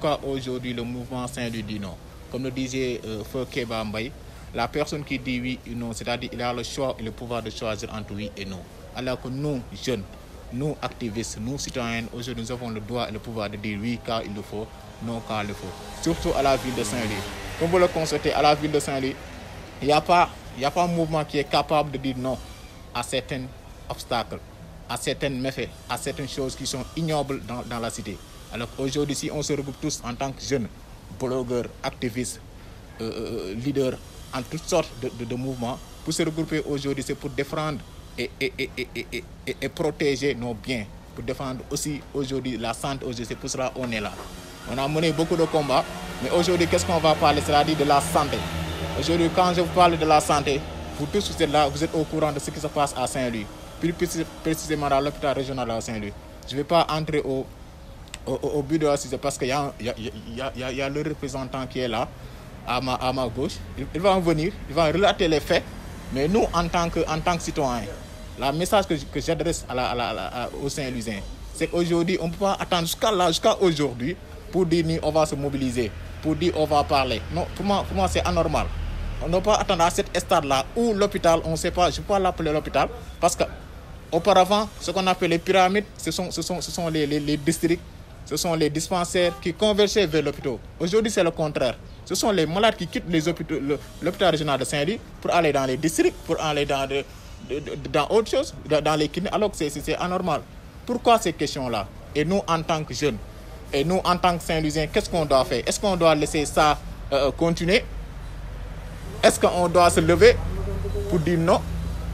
pourquoi aujourd'hui le mouvement Saint-Louis dit non Comme le disait euh, Bambay, la personne qui dit oui ou non, c'est-à-dire il a le choix et le pouvoir de choisir entre oui et non. Alors que nous, jeunes, nous, activistes, nous, citoyens, aujourd'hui, nous avons le droit et le pouvoir de dire oui car il le faut, non car il le faut. Surtout à la ville de Saint-Louis. Comme vous le constatez, à la ville de Saint-Louis, il n'y a pas un mouvement qui est capable de dire non à certains obstacles à certains méfaits, à certaines choses qui sont ignobles dans, dans la cité. Alors aujourd'hui, si on se regroupe tous en tant que jeunes, blogueurs, activistes, euh, euh, euh, leaders, en toutes sortes de, mouvements, pour se regrouper aujourd'hui, c'est pour défendre et, et, et, et, protéger nos biens, pour défendre aussi aujourd'hui la santé aujourd'hui. C'est pour cela qu'on est là. On a mené beaucoup de combats, mais aujourd'hui, qu'est-ce qu'on va parler C'est-à-dire de la santé. Aujourd'hui, quand je vous parle de la santé, vous tous, vous êtes là, vous êtes au courant de ce qui se passe à Saint-Louis plus précisément à l'hôpital régional à Saint-Louis. Je ne vais pas entrer au, au, au but de la parce qu'il y, y, y a, le représentant qui est là, à ma, à ma gauche. Il, va en venir, il va relater les faits. Mais nous, en tant que, en tant que citoyens, le message que, que j'adresse à, la, à, Saint-Louisiens, c'est qu'aujourd'hui, on ne peut pas attendre jusqu'à là, jusqu'à aujourd'hui, pour dire on va se mobiliser, pour dire on va parler. Non, comment c'est anormal on ne peut pas attendre à cet stade-là où l'hôpital, on ne sait pas, je ne peux pas l'appeler l'hôpital, parce que Auparavant, ce qu'on appelle les pyramides, ce sont, ce sont, ce sont les, les, districts, ce sont les dispensaires qui convergeaient vers l'hôpital. Aujourd'hui, c'est le contraire. Ce sont les malades qui quittent les hôpitaux, l'hôpital régional de Saint-Louis pour aller dans les districts, pour aller dans, dans autre chose, dans les cliniques. alors que c'est anormal. Pourquoi ces questions-là Et nous, en tant que jeunes, et nous, en tant que Saint-Louisiens, qu'est-ce qu'on doit faire Est-ce qu'on doit laisser ça euh, continuer Est-ce qu'on doit se lever pour dire non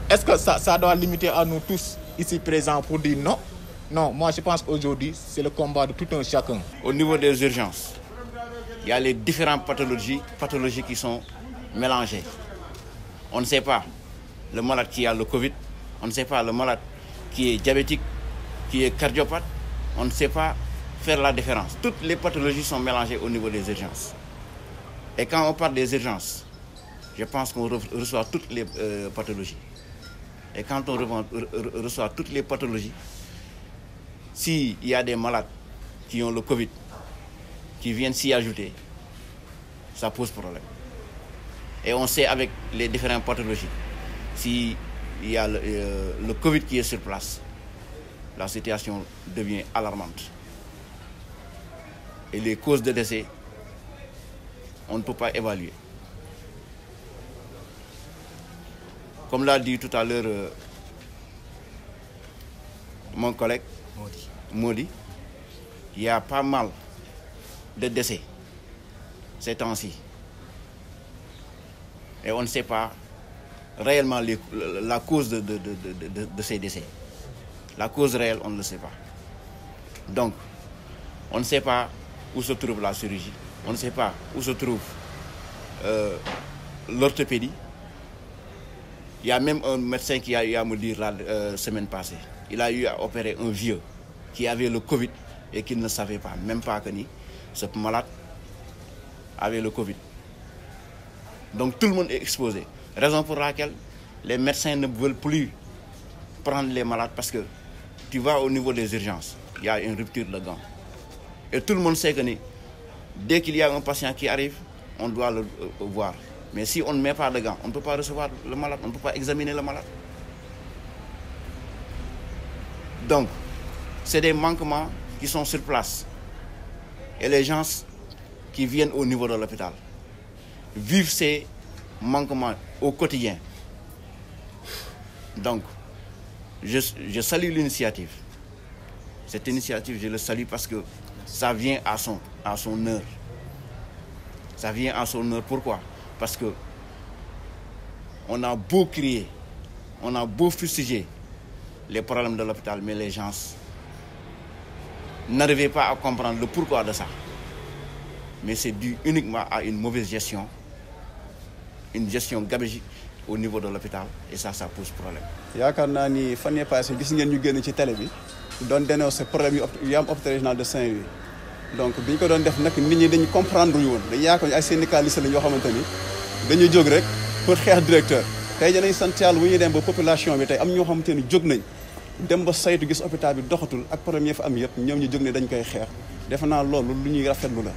est-ce que ça, doit limiter à nous tous ici présents pour dire non Non, moi je pense qu'aujourd'hui, c'est le combat de tout un chacun. Au niveau des urgences, il y a les différentes pathologies, pathologies qui sont mélangées. On ne sait pas le malade qui a le Covid, on ne sait pas le malade qui est diabétique, qui est cardiopathe, on ne sait pas faire la différence. Toutes les pathologies sont mélangées au niveau des urgences. Et quand on parle des urgences, je pense qu'on reçoit toutes les euh, pathologies. Et quand on reçoit toutes les pathologies, s'il y a des malades qui ont le Covid, qui viennent s'y ajouter, ça pose problème. Et on sait avec les différentes pathologies, s'il y a le, euh, le Covid qui est sur place, la situation devient alarmante. Et les causes de décès, on ne peut pas évaluer. Comme l'a dit tout à l'heure euh, mon collègue Modi, il y a pas mal de décès ces temps-ci. Et on ne sait pas réellement la cause de, ces décès. La cause réelle, on ne le sait pas. Donc, on ne sait pas où se trouve la chirurgie, on ne sait pas où se trouve euh, l'orthopédie, il y a même un médecin qui a eu à me dire la euh, semaine passée. Il a eu à opérer un vieux qui avait le Covid et qui ne savait pas, même pas que ce malade avait le Covid. Donc tout le monde est exposé. Raison pour laquelle les médecins ne veulent plus prendre les malades parce que tu vas au niveau des urgences, il y a une rupture de gants. Et tout le monde sait que dès qu'il y a un patient qui arrive, on doit le euh, voir. Mais si on ne met pas de gants, on ne peut pas recevoir le malade, on ne peut pas examiner le malade. Donc, c'est des manquements qui sont sur place. Et les gens qui viennent au niveau de l'hôpital vivent ces manquements au quotidien. Donc, je, salue l'initiative. Cette initiative, je le salue parce que ça vient à son, à son heure. Ça vient à son heure. Pourquoi parce que on a beau crier, on a beau fustiger les problèmes de l'hôpital, mais les gens n'arrivaient pas à comprendre le pourquoi de ça. Mais c'est dû uniquement à une mauvaise gestion, une gestion gabégique au niveau de l'hôpital, et ça, ça pose problème. problème de saint donc bi ñu ko doon def nag nit ñi dañu comprendre yoon woon dañu yaakaar ay syndicaliste lañ yoo xamante ni dañu jóg rek pour xeex directeur tey jii dañuy bu ñuy dem ba population bi tey am ñoo xamante ni jóg nañ dem ba saytu gis hopital bi doxatul ak problème yi am yëpp ñoom ñu jóg ne dañ koy xeex defe naa loolu lu ñuy rafetlu la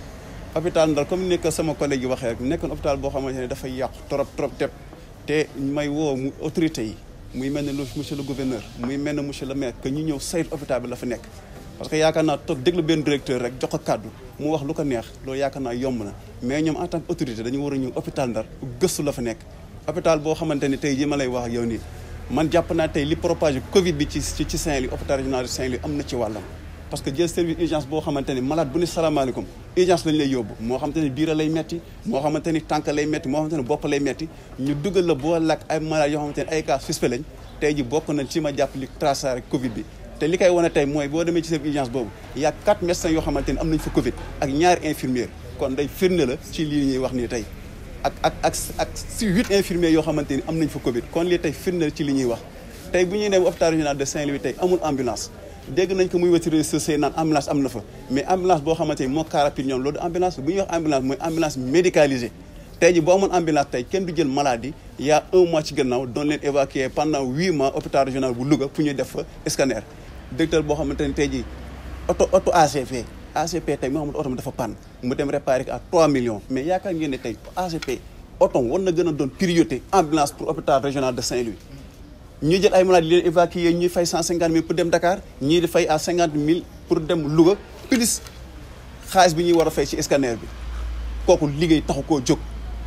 hôpital Ndar comme ni sama collègue yi waxee rek nekkoon hôpital boo xamante ne dafa yàqu trop trop teb te may woo mu autorité yi muy mel ne monsieur le gouverneur muy mel ne monsieur le maire ñu ñëw saytu hôpital bi la fa nekk parce que yaakaar naa toog déglu benn directeur rek jox ko kàddu mu wax lu ko neex loolu yaakaar naa yomb na mais ñoom en tant que autorité dañu war a ñëw hôpital Ndar gëstu la fa nekk hôpital boo xamante ni tey jii ma lay wax ak yow nii man jàpp naa tey li propage covid bi ci ci Saint-Louis hôpital régional de Saint-Louis am na ci wàllam parce que jël service urgence boo xamante ni malade bu ne salaamaaleykum urgence lañ lay yóbbu moo xamante ni biira lay metti moo xamante ni tànk lay metti moo xamante ni bopp yoo xamante ni ay cas suspect lañ ji bokk nañ ci ma jàpp li traçage bi te li koy wane tey mooy boo demee ci seen urgence boobu y' a quatre médecins yoo xamante ni am nañ fa Covid ak ñaari infirmière kon day firnde la ci lii ñuy wax nii tey ak ak ak ak si huit infirmiers yoo xamante ni am nañ fa Covid kon lii tey firnde la ci li ñuy wax tey bu ñuy dem hôpital régional de Saint-Louis tey amul ambulance dégg nañ ko muy wëti réseaux sociaux naan ambulance am na fa mais ambulance boo xamante ni moo car rapide ñoom loolu ambulance bu ñuy wax ambulance mooy ambulance médicalisée tey ji boo amoon ambulance tey kenn du jël maladie y' a un mois ci gannaaw doon leen évacuer pendant huit mois hôpital régional bu Louga pour ñu def fa scanner directeur boo xamante ne tey jii oto oto ACP ACP tey moo xamante oto dafa panne mu dem réparé ko à 3 millions mais yaakaar ngeen ne tey ACP oto war na gën a doon priorité ambulance pour hôpital régional de Saint-Louis ñu jël ay malades di leen évacuer ñuy fay 150 mille pour dem Dakar ñii di fay à mille pour dem Louga plus xaalis bi ñuy war a fay ci scanner bi kooku liggéey taxu koo jóg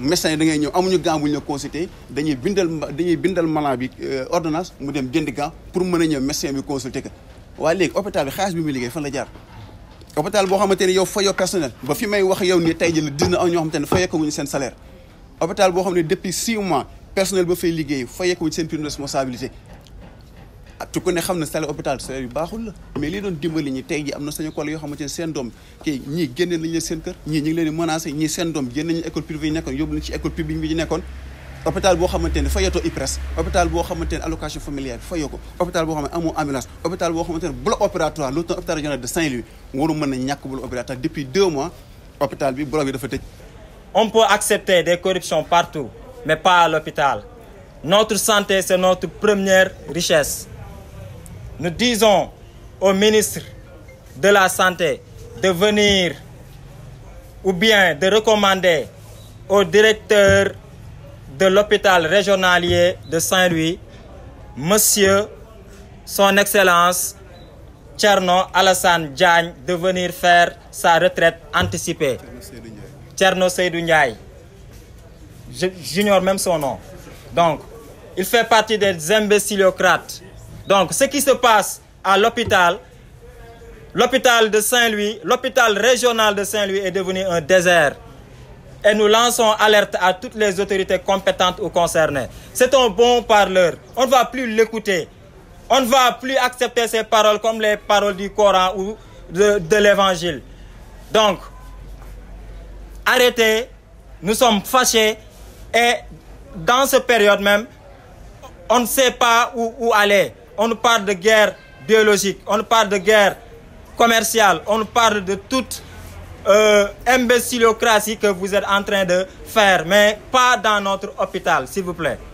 médecin da ngay ñëw amuñu gant bu la consulter dañuy bindal dañuy bindal malade bi euh, ordonnance mu dem jëndi gant pour mën a ñëw médecin bi consulter ko waaye léegi hôpital bi xaalis bi muy liggéey fan la jaar hôpital boo xamante ne yow fayoo personnel ba fi may wax yow ni tey jii la dina am ñoo xamante ne fayeekuñu seen salaire hôpital boo xam ne depuis six mois personnel ba fay liggéey fayeekuñu seen prime de responsabilité tu connais ne xam ne salaire hôpital salaire yu baaxul la mais lii doon dimbali ñi tey ji am na sañu collègue yoo xamante ne seen doom tey ñii génne nañ leen seen kër ñii ñu ngi leen di menacé ñii seen doom génne nañu école privée yi nekkoon yóbbu nañ ci école publique bi ñu nekkoon hôpital boo xamante ne fayatoo IPRES hôpital boo xamante ne allocation familiale bi ko hôpital boo xam ne amoo ambulance hôpital boo xamante ne bloc opératoire loolu tam hôpital régional de Saint-Louis waru mën a ñàkk bloc opératoire depuis deux mois hôpital bi bloc bi dafa tëj on peut accepter des corruptions partout mais pas à l'hôpital notre santé c'est notre première richesse nous disons au ministre de la Santé de venir ou bien de recommander au directeur de l'hôpital régionalier de Saint-Louis, Monsieur Son Excellence Tcherno Alassane Diagne, de venir faire sa retraite anticipée. Tcherno Seydou J'ignore même son nom. Donc, il fait partie des imbéciliocrates donc, ce qui se passe à l'hôpital, l'hôpital de Saint-Louis, l'hôpital régional de Saint-Louis est devenu un désert. Et nous lançons alerte à toutes les autorités compétentes ou concernées. C'est un bon parleur. On ne va plus l'écouter. On ne va plus accepter ses paroles comme les paroles du Coran ou de, l'Évangile. Donc, arrêtez. Nous sommes fâchés. Et dans cette période même, on ne sait pas où aller on nous parle de guerre biologique, on nous parle de guerre commerciale, on nous parle de toute euh, imbécilocratie que vous êtes en train de faire, mais pas dans notre hôpital, s'il vous plaît.